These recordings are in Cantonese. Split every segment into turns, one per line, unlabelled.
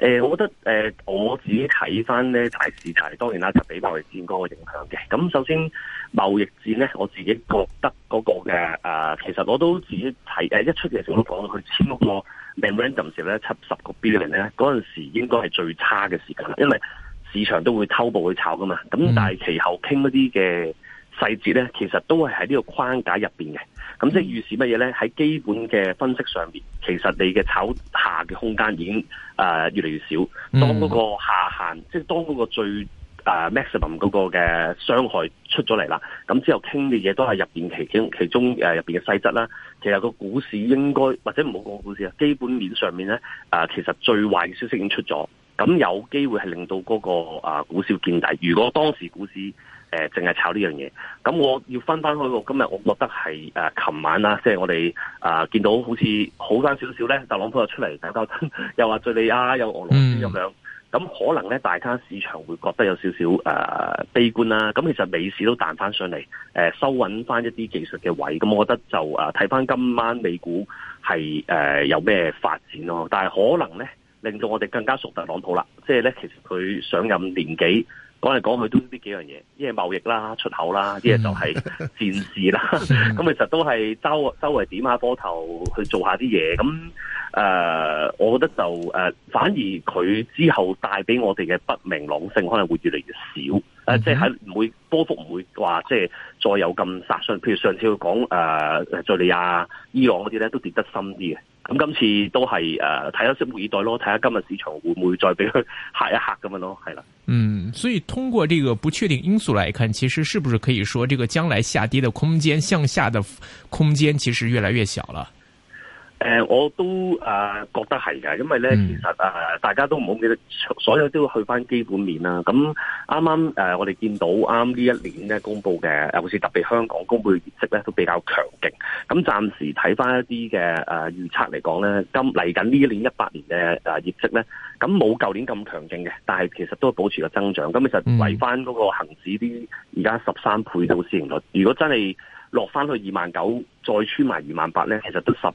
誒、呃，我覺得誒、呃，我自己睇翻咧大市就係當然啦，就俾貿易戰嗰個影響嘅。咁首先貿易戰咧，我自己覺得嗰、那個嘅誒、呃，其實我都自己睇誒、呃，一出嘅時候都講佢簽嗰個 memorandum 時咧七十個 billion 咧，嗰陣時應該係最差嘅時間啦，因為市場都會偷步去炒噶嘛。咁但係其後傾一啲嘅細節咧，其實都係喺呢個框架入邊嘅。咁、嗯、即係預示乜嘢咧？喺基本嘅分析上面，其實你嘅炒下嘅空間已經誒、呃、越嚟越少。當嗰個下限，嗯、即係當嗰個最誒、呃、maximum 嗰個嘅傷害出咗嚟啦，咁之後傾嘅嘢都係入邊其其中入邊嘅細則啦、啊。其實個股市應該或者唔好講股市啊，基本面上面咧、呃、其實最壞嘅消息已經出咗，咁有機會係令到嗰、那個、呃、股市見底。如果當時股市，誒，淨係、呃、炒呢樣嘢，咁我要分翻去。今日我覺得係誒，琴、呃、晚啦，即係我哋啊、呃、見到好似好翻少少咧，特朗普又出嚟打交，又話敘利亞又俄羅斯咁、mm. 樣，咁可能咧，大家市場會覺得有少少誒悲觀啦。咁其實美市都彈翻上嚟，誒、呃、收穩翻一啲技術嘅位。咁我覺得就誒睇翻今晚美股係誒、呃、有咩發展咯。但係可能咧令到我哋更加熟特朗普啦，即係咧其實佢上任年紀。講嚟講去都呢幾樣嘢，一係貿易啦、出口啦，一係 就係戰事啦。咁 其實都係周周圍點下波頭去做一下啲嘢。咁誒、呃，我覺得就誒、呃，反而佢之後帶俾我哋嘅不明朗性可能會越嚟越少。誒、 呃，即係喺唔會波幅唔會話即係再有咁殺傷。譬如上次佢講誒敘利亞、伊朗嗰啲咧，都跌得深啲嘅。咁今次都係誒，睇下拭目以待咯，睇下今日市場會唔會再俾佢嚇一嚇咁樣咯，係啦。嗯，
所以通過呢個不確定因素嚟看，其實是不是可以說，這個將來下跌的空間，向下的空間其實越來越小啦？
誒、呃，我都誒、呃、覺得係嘅，因為咧，嗯、其實誒、呃，大家都唔好記得，所有都要去翻基本面啦。咁啱啱誒，我哋見到啱呢一年咧公布嘅，尤、呃、似特別香港公布嘅業績咧，都比較強勁。咁暫時睇翻一啲嘅誒預測嚟講咧，今嚟緊呢一年一八年嘅誒、啊、業績咧，咁冇舊年咁強勁嘅，但係其實都保持個增長。咁、嗯、其實為翻嗰個恒指啲而家十三倍到市盈率，嗯、如果真係。落翻去二萬九，再穿埋二萬八咧，其實得十二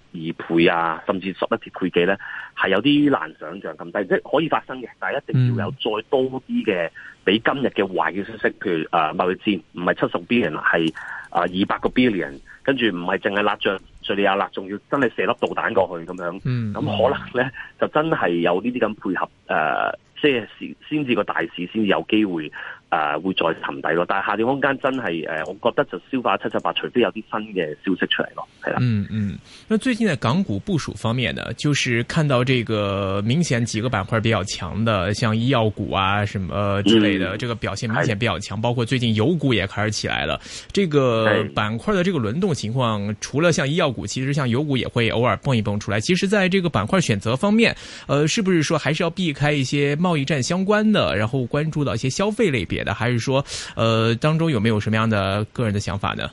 倍啊，甚至十一倍倍幾咧，係有啲難想像咁低，即係可以發生嘅，但係一定要有再多啲嘅比今日嘅壞嘅消息，譬如誒、呃、貿易戰唔係七十 billion 係誒二百個 billion，跟住唔係淨係辣仗敍利亞辣仲要真係射粒導彈過去咁樣，
咁可能
咧就真係有呢啲咁配合誒，即係先先至個大市先至有機會。啊，會再沉底咯，但係下跌空間真係誒、呃，我覺得就消化七七八，除非有啲新嘅消息出嚟咯，
係啦。嗯嗯，那最近喺港股部署方面呢，就是看到這個明顯幾個板塊比較強的，像醫藥股啊，什麼之類的，這個表現明顯比較強，嗯、包括最近油股也開始起來了。嗯、這個板塊的這個輪動情況，除了像醫藥股，其實像油股也會偶爾蹦一蹦出來。其實在這個板塊選擇方面，呃，是不是說還是要避開一些貿易戰相關的，然後關注到一些消費類別？還是說、呃，當中有沒有什麼樣的個人的想法呢？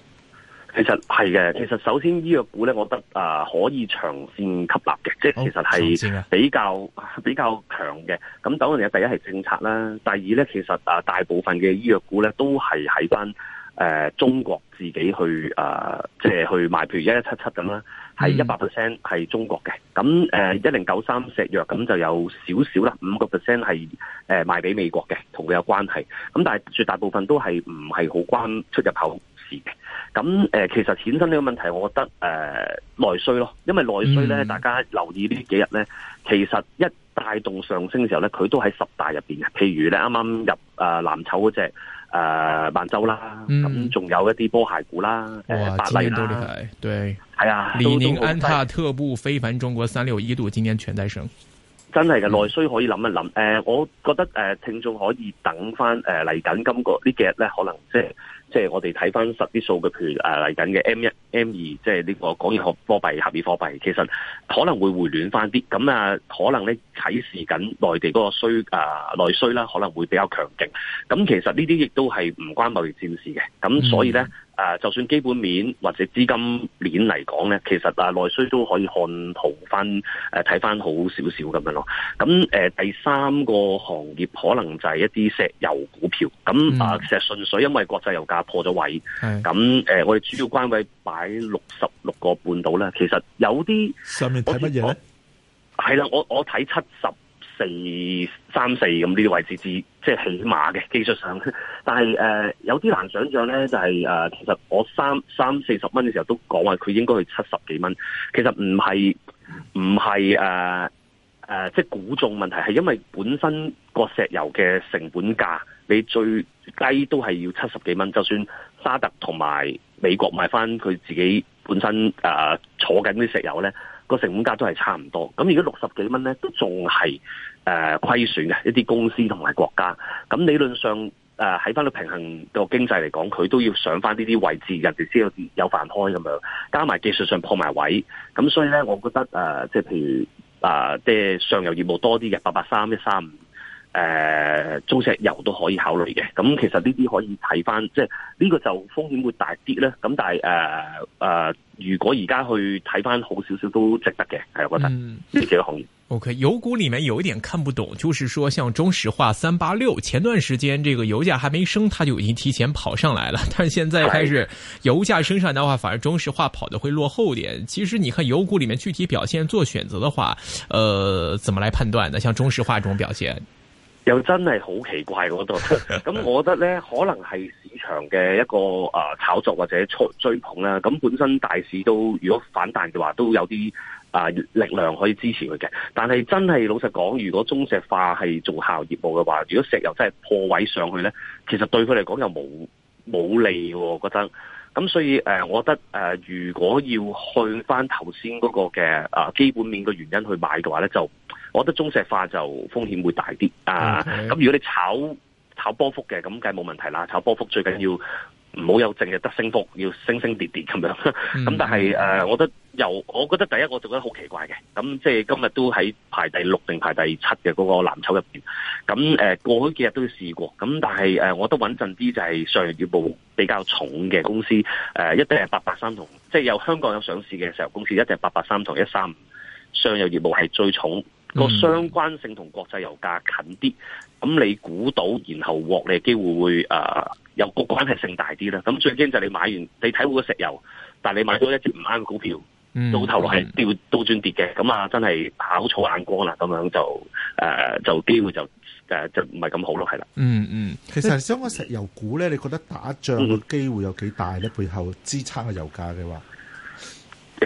其實係嘅，其實首先醫藥股呢，我覺得啊、呃、可以長線吸納嘅，即係其實係比較比較強嘅。咁當然啦，第一係政策啦，第二呢，其實啊大部分嘅醫藥股呢，都係喺翻誒中國自己去啊、呃，即係去賣，譬如一一七七咁啦。係一百 percent 係中國嘅，咁誒一零九三石藥咁就有少少啦，五個 percent 係誒賣俾美國嘅，同佢有關係，咁但係絕大部分都係唔係好關出入口的事嘅，咁誒其實衍生呢個問題，我覺得誒內、呃、需咯，因為內需咧，嗯、大家留意呢幾日咧，其實一大動上升嘅時候咧，佢都喺十大入邊嘅，譬如咧啱啱入。誒、呃、藍籌嗰隻誒，萬洲啦，咁仲、嗯、有一啲波鞋股啦，誒，百麗啦、啊，
對，係
啊都，李寧、安踏、
特步、非凡中國、三六一度今年全在升。
真係嘅內需可以諗一諗，誒、呃，我覺得誒，聽眾可以等翻誒嚟緊今個呢幾日咧，可能即係即係我哋睇翻實啲數嘅，譬如誒嚟緊嘅 M 一、M 二，即係呢、呃、個港元貨幣、人民幣貨幣，其實可能會回暖翻啲，咁、嗯、啊，可能咧啟示緊內地嗰個需誒、呃、內需啦，可能會比較強勁，咁其實呢啲亦都係唔關貿易戰事嘅，咁所以咧。嗯啊，就算基本面或者資金鏈嚟講咧，其實啊內需都可以看圖看好翻，睇翻好少少咁樣咯。咁、呃、第三個行業可能就係一啲石油股票。咁、嗯、啊，其實純粹因為國際油價破咗位。咁是、呃、我哋主要關位擺六十六個半度咧。其實有啲上面睇乜嘢？係啦，我我睇七十。係三四咁呢啲位置，至即係起碼嘅技術上。但係誒、呃，有啲難想象咧，就係、是、誒、呃，其實我三三四十蚊嘅時候都講話，佢應該係七十幾蚊。其實唔係唔係誒誒，即係估中問題，係因為本身個石油嘅成本價，你最低都係要七十幾蚊。就算沙特同埋美國買翻佢自己本身誒、呃、坐緊啲石油咧。個成本價都係差唔多，咁而家六十幾蚊咧，都仲係誒虧損嘅一啲公司同埋國家，咁理論上誒喺翻到平衡個經濟嚟講，佢都要上翻呢啲位置，人哋先有有飯開咁樣，加埋技術上破埋位，咁所以咧，我覺得誒，即、呃、係譬如誒，即、呃、係上游業務多啲嘅八八三一三五。誒、呃，中石油都可以考慮嘅，咁、嗯、其實呢啲可以睇返，即係呢個就風險會大啲咧。咁但係誒誒，如果而家去睇返好少少都值得嘅，係我覺得呢幾個
行業。嗯、o、okay, K，油股裏面有一點看不懂，就是說，像中石化三八六，前段時間這個油價還沒升，它就已經提前跑上來了。但現在開始油價升上來的話，反而中石化跑得會落後一點。其實，你看油股裏面具體表現做選擇的話，呃怎麼來判斷呢？像中石化這種表現？
又真係好奇怪嗰度，咁我覺得呢，可能係市場嘅一個炒作或者追捧啦。咁本身大市都如果反彈嘅話，都有啲啊力量可以支持佢嘅。但係真係老實講，如果中石化係做下游業務嘅話，如果石油真係破位上去呢，其實對佢嚟講又冇冇利喎，我覺得。咁、嗯、所以誒、呃，我覺得誒、呃，如果要去翻頭先嗰個嘅啊、呃、基本面嘅原因去買嘅話咧，就我覺得中石化就風險會大啲啊。咁如果你炒炒波幅嘅，咁梗係冇問題啦。炒波幅最緊要、嗯。唔好有淨係得升幅，要升升跌跌咁樣。咁但係誒、嗯呃，我覺得由，我覺得第一我就覺得好奇怪嘅。咁即係今日都喺排第六定排第七嘅嗰、那個藍籌入邊。咁誒、呃，過去幾日都試過。咁但係誒、呃，我都穩陣啲，就係、是、上游業務比較重嘅公司。誒、呃，一定係八八三同，即係有香港有上市嘅石油公司，一定係八八三同一三五，上游業務係最重。個、嗯、相關性同國際油價近啲，咁你估到然後獲利機會會誒、呃、有個關係性大啲啦，咁最驚就你買完你睇好個石油，但你買咗一隻唔啱嘅股票，到頭落係掉倒轉跌嘅，咁啊真係炒錯眼光啦！咁樣就誒、呃、就機會就誒、呃、就唔係咁好咯，係啦。嗯嗯，其實相關石油股咧，你覺得打仗個機會有幾大咧？背後支撐個油價嘅話？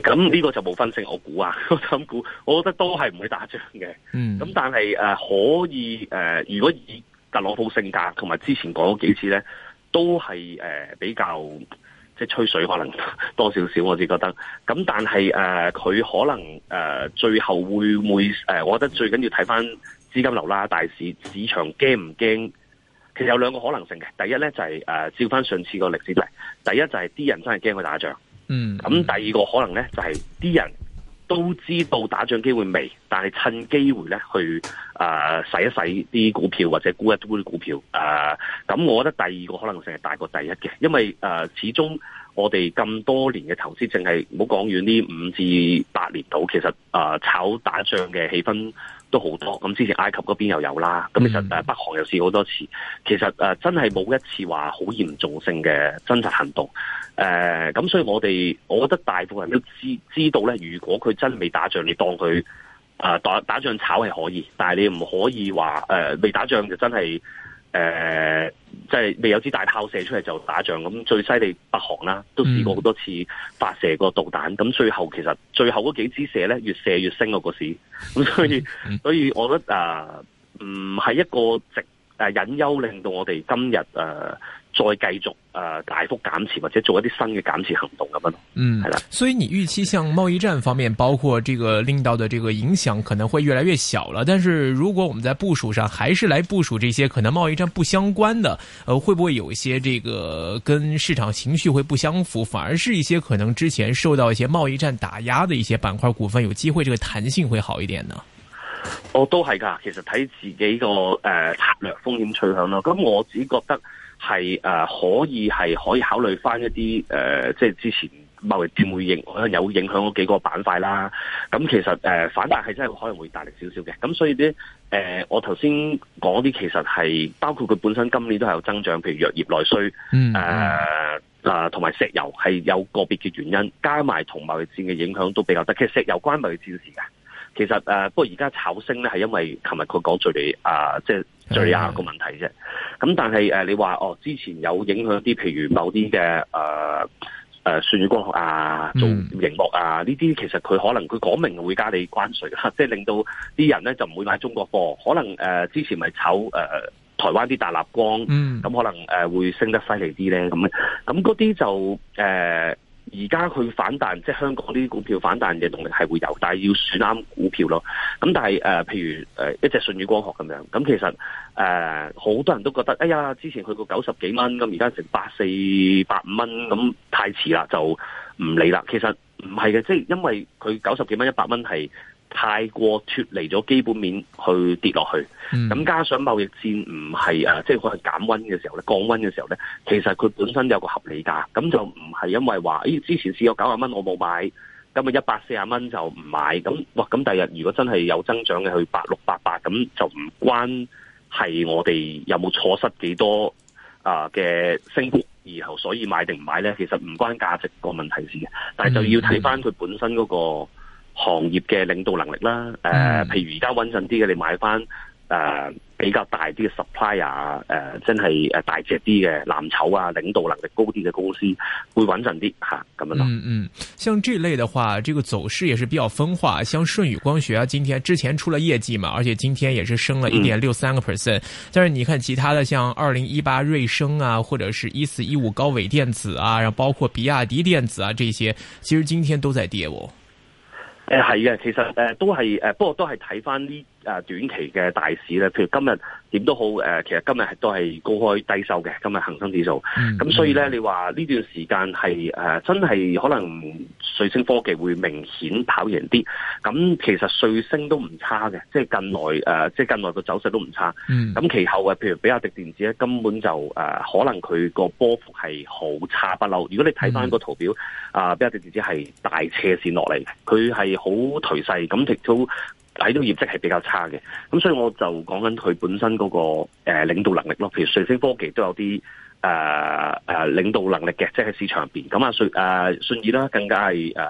咁呢個就冇分勝，我估啊，我估，我覺得都係唔會打仗嘅。咁、嗯、但係誒、呃，可以誒、呃，如果以特朗普性格，同埋之前講過幾次咧，都係誒、呃、比較即係吹水，可能多少少，我自己覺得。咁但係誒，佢、呃、可能誒、呃，最後會唔會誒、呃？我覺得最緊要睇翻資金流啦，大市市場驚唔驚？其實有兩個可能性嘅，第一咧就係、是、誒、呃，照翻上次個歷史就係，第一就係啲人真係驚佢打仗。嗯，咁第二個可能咧就係、是、啲人都知道打仗機會微，但係趁機會咧去誒、呃、洗一洗啲股票或者沽一沽啲股票誒，咁、呃、我覺得第二個可能性係大過第一嘅，因為誒、呃、始終我哋咁多年嘅投資，淨係唔好講遠啲五至八年度，其實誒、呃、炒打仗嘅氣氛都好多，咁之前埃及嗰邊又有啦，咁其實誒北韓又試好多次，其實誒、呃、真係冇一次話好嚴重性嘅真實行動。誒，咁、呃、所以我哋，我覺得大部分人都知知道咧。如果佢真係未打仗，你當佢誒、呃、打打仗炒係可以，但係你唔可以話誒未打仗就真係誒，即係未有支大炮射出嚟，就打仗。咁最犀利北韓啦，都試過好多次發射個導彈。咁、嗯、最後其實最後嗰幾支射咧，越射越升嗰個市。咁所以，所以我覺得誒，唔、呃、係一個值。誒，隱憂，啊、令到我哋今日誒、呃、再繼續誒、呃、大幅減持，或者做一啲新嘅減持行動咁
樣。嗯，係啦吧，所以你預期向貿易戰方面，包括這個令到的這個影響可能會越來越小了。但是如果我們在部署上，還是來部署這些可能貿易戰不相關的，呃，會不會有一些這個跟市場情緒會不相符，反而是一些可能之前受到一些貿易戰打壓的一些板塊股份有機會，這個彈性會好一點呢？
我都係噶，其實睇自己個誒、呃、策略風險取向咯。咁我自己覺得係誒、呃、可以係可以考慮翻一啲誒，即、呃、係、就是、之前貿易戰會影有影響嗰幾個板塊啦。咁其實誒、呃、反彈係真係可能會大力少少嘅。咁所以啲誒、呃、我頭先講啲其實係包括佢本身今年都係有增長，譬如藥業內需誒嗱，同、呃、埋、呃、石油係有個別嘅原因，加埋同貿易戰嘅影響都比較大。其實石油關貿易戰事噶。其實誒、啊、不過而家炒升咧係因為琴日佢講敍利啊，即係敍亞個問題啫。咁的但係誒、啊、你話哦，之前有影響啲，譬如某啲嘅誒誒舜宇光學啊，啊光啊嗯、做熒幕啊呢啲，其實佢可能佢講明會加你關稅，即係令到啲人咧就唔會買中國貨。可能誒、啊、之前咪炒誒、啊、台灣啲大立光，咁、嗯、可能誒、啊、會升得犀利啲咧咁。咁嗰啲就誒。啊而家佢反彈，即係香港啲股票反彈嘅動力係會有，但係要選啱股票咯。咁但係誒、呃，譬如誒、呃、一隻信宇光學咁樣，咁其實誒好、呃、多人都覺得，哎呀，之前去過九十幾蚊，咁而家成八四、八五蚊，咁太遲啦，就唔理啦。其實唔係嘅，即係因為佢九十幾蚊、一百蚊係。太過脫離咗基本面去跌落去，咁、嗯、加上貿易戰唔係啊，即係佢係減溫嘅時候咧，降溫嘅時候咧，其實佢本身有個合理價，咁就唔係因為話，誒、欸、之前試咗九十蚊我冇買，咁啊一百四十蚊就唔買，咁哇，咁第日如果真係有增長嘅去八六八八，咁就唔關係我哋有冇錯失幾多啊嘅升幅，然後所以買定唔買咧，其實唔關價值個問題事嘅，但係就要睇翻佢本身嗰、那個。嗯嗯那個行業嘅領導能力啦，誒、呃，譬如而家穩陣啲嘅，你買翻誒、呃、比較大啲嘅 supplier，誒，真係誒大隻啲嘅藍籌啊，領導能力高啲嘅公司會穩陣啲吓，咁樣咯。
嗯嗯，像這類嘅話，這個走勢也是比較分化。像舜宇光學啊，今天之前出了業績嘛，而且今天也是升了一點六三個 percent。嗯、但是你看其他的，像二零一八瑞聲啊，或者是一四一五高偉電子啊，然後包括比亞迪電子啊，這些其實今天都在跌哦。
誒係嘅，其實誒都係誒，不過都係睇翻呢誒短期嘅大市咧。譬如今日點都好誒，其實今日係都係高開低收嘅。今日恒生指數，咁、嗯、所以咧，嗯、你話呢段時間係誒真係可能。瑞星科技會明顯跑贏啲，咁其實瑞星都唔差嘅，即係近來、呃、即係近來個走勢都唔差。咁、嗯、其後嘅譬如比亞迪電子咧，根本就、呃、可能佢個波幅係好差不嬲。如果你睇翻個圖表，啊、呃，比亞迪電子係大斜線落嚟嘅，佢係好頹勢，咁亦都。喺到業績係比較差嘅，咁所以我就講緊佢本身嗰、那個誒、呃、領導能力咯。譬如瑞星科技都有啲誒誒領導能力嘅，即係喺市場入邊咁啊。順誒信義啦，更加係誒、呃、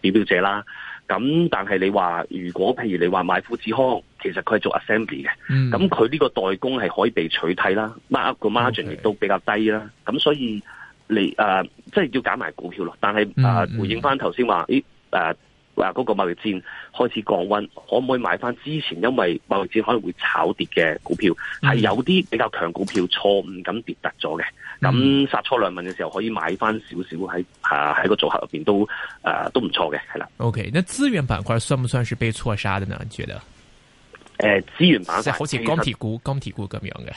表表者啦。咁但係你話，如果譬如你話買富士康，其實佢係做 assembly 嘅，咁佢呢個代工係可以被取替啦。mark up 個 margin 亦都比較低啦。咁所以你誒、呃、即係要揀埋股票咯。但係誒、呃嗯嗯、回應翻頭先話誒。話嗰個貿易戰開始降溫，可唔可以買翻之前因為貿易戰可能會炒跌嘅股票？係、嗯、有啲比較強股票錯誤，錯誤咁跌突咗嘅，咁殺錯良民嘅時候可以買翻少少喺啊，喺個組合入邊都誒、呃、都唔錯嘅，係啦。
OK，那資源板塊算唔算是被錯殺的呢？你覺得？
誒、呃，資源板塊好似鋼鐵
股、鋼鐵說股咁樣嘅。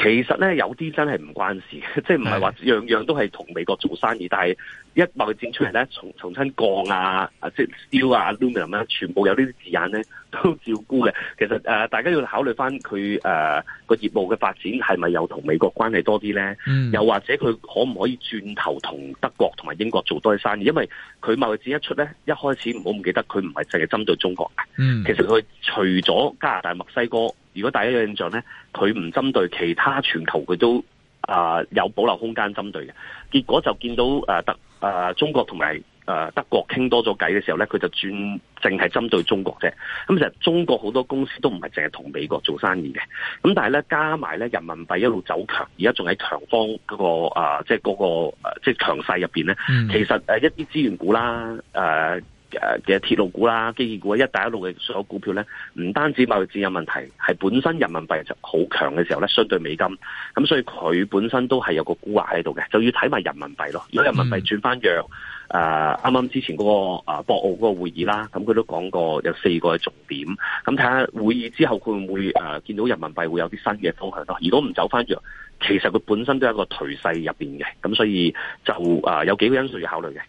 其實咧有啲真係唔關事，即係唔係話樣樣都係同美國做生意，是但係一貿易戰出嚟咧，重重新降啊，啊即係 steel 啊 aluminium 啊，全部有呢啲字眼咧都照顧嘅。其實誒、呃，大家要考慮翻佢誒個業務嘅發展係咪又同美國關係多啲咧？嗯、又或者佢可唔可以轉頭同德國同埋英國做多啲生意？因為佢貿易戰一出咧，一開始唔好唔記得佢唔係淨係針對中國嘅，嗯、其實佢除咗加拿大、墨西哥。如果大家有印象咧，佢唔針對其他全球，佢都啊有保留空間針對嘅。結果就見到誒德、呃呃、中國同埋誒德國傾多咗偈嘅時候咧，佢就轉淨係針對中國啫。咁其實中國好多公司都唔係淨係同美國做生意嘅。咁但係咧，加埋咧人民幣一路走強，而家仲喺強方嗰、嗰個、呃、即係、那、嗰個、呃、即係強勢入面咧。嗯、其實一啲資源股啦誒。呃嘅嘅鐵路股啦、基建股一帶一路嘅所有股票咧，唔單止貿易戰有問題，係本身人民幣就好強嘅時候咧，相對美金，咁所以佢本身都係有個估劃喺度嘅，就要睇埋人民幣咯。如果人民幣轉翻弱，誒啱啱之前嗰、嗰個、啊、博鰲嗰個會議啦，咁佢都講過有四個重點，咁睇下會議之後佢會唔會、呃、見到人民幣會有啲新嘅方向咯。如果唔走翻弱，其實佢本身都係一個頹勢入邊嘅，咁所以就、呃、有幾個因素要考慮嘅。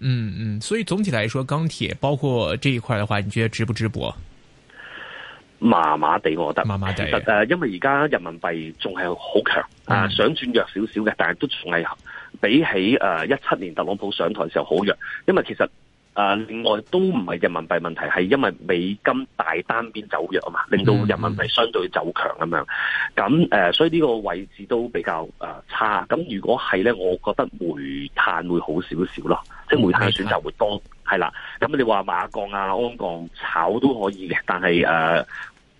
嗯嗯，所以總體嚟說，鋼鐵包括這一塊的話，你覺得值不值博？
麻麻地，我覺得麻麻地，誒、呃，因為而家人民幣仲係好強啊，呃、想轉弱少少嘅，但係都仲係比起誒一七年特朗普上台的時候好弱，因為其實。啊！另外都唔係人民幣問題，係因為美金大單邊走弱啊嘛，令到人民幣相對走強咁樣。咁誒、嗯嗯，所以呢個位置都比較差。咁如果係咧，我覺得煤炭會好少少咯，即係煤炭嘅選擇會多。係啦，咁你話馬鋼啊、安鋼炒都可以嘅，但係誒。嗯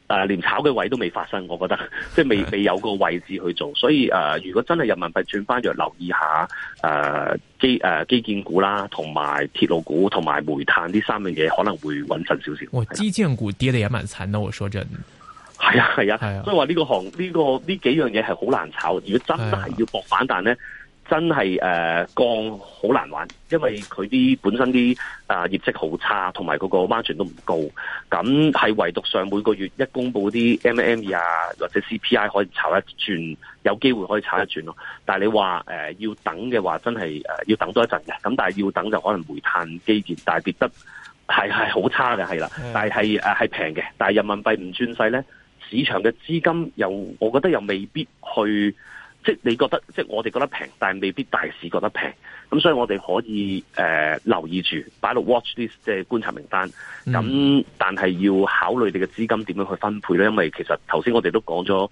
誒，連炒嘅位都未發生，我覺得即係未未有個位置去做，所以誒、呃，如果真係人民幣轉翻弱，留意下誒、呃、基、呃、基建股啦，同埋鐵路股，同埋煤炭呢三樣嘢可能會穩陣少少。
我基建股跌得也蠻慘，我說真的。係啊係啊，是啊是啊，所
以話呢個行呢、呢個呢幾樣嘢係好難炒。如果真係要搏反彈咧。真係誒、呃、降好難玩，因為佢啲本身啲啊、呃、業績好差，同埋嗰個 margin 都唔高。咁係唯獨上每個月一公布啲 M M 二啊，或者 C P I 可以炒一轉，有機會可以炒一轉咯。但係你話、呃、要等嘅話，真係、呃、要等多一陣嘅。咁但係要等就可能煤炭基建，但係跌得係係好差嘅，係啦的。但係係平嘅，但係人民幣唔轉勢咧，市場嘅資金又，我覺得又未必去。即係你覺得，即係我哋覺得平，但係未必大市覺得平，咁所以我哋可以誒、呃、留意住，擺落 watch list，即係觀察名單。咁、嗯、但係要考慮你嘅資金點樣去分配咧，因為其實頭先我哋都講咗，誒、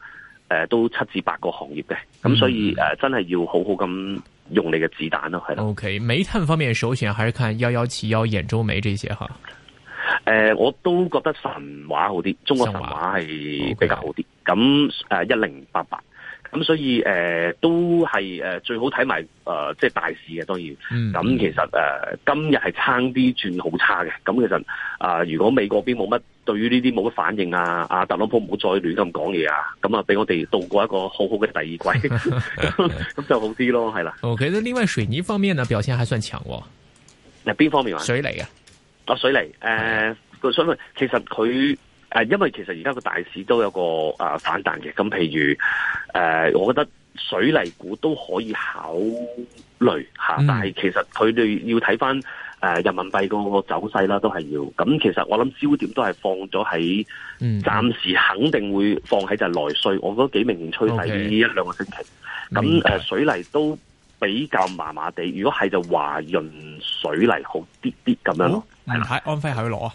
呃、都七至八個行業嘅，咁、嗯、所以誒、呃、真係要好好咁用你嘅子彈咯，係啦。
O、okay, K，煤炭方面首選還是看幺幺七幺兗州煤這些哈。
誒、呃，我都覺得神華好啲，中國神華係比較好啲。咁誒，一零八八。咁、嗯、所以誒、呃、都係誒、呃、最好睇埋誒即係大市嘅，當然。咁、嗯嗯、其實誒、呃、今日係差啲轉好差嘅。咁、嗯、其實啊、呃，如果美國邊冇乜對於呢啲冇乜反應啊，阿特朗普唔好再亂咁講嘢啊，咁啊俾我哋度過一個好好嘅第二季，咁就好啲咯，係啦。
OK，另外水泥方面呢表現還算強、哦。
嗱，邊方面啊？水泥啊？啊，水泥誒個水其實佢。係，因為其實而家個大市都有一個誒反彈嘅，咁譬如誒、呃，我覺得水泥股都可以考慮吓，嗯、但係其實佢哋要睇返誒人民幣個走勢啦，都係要。咁其實我諗焦點都係放咗喺，暫時肯定會放喺就係內需。嗯、我覺得幾明顯趨勢呢一兩個星期，咁誒、嗯呃、水泥都比較麻麻地。如果係就華潤水泥好啲
啲咁樣咯。係、哦、安徽喺攞啊？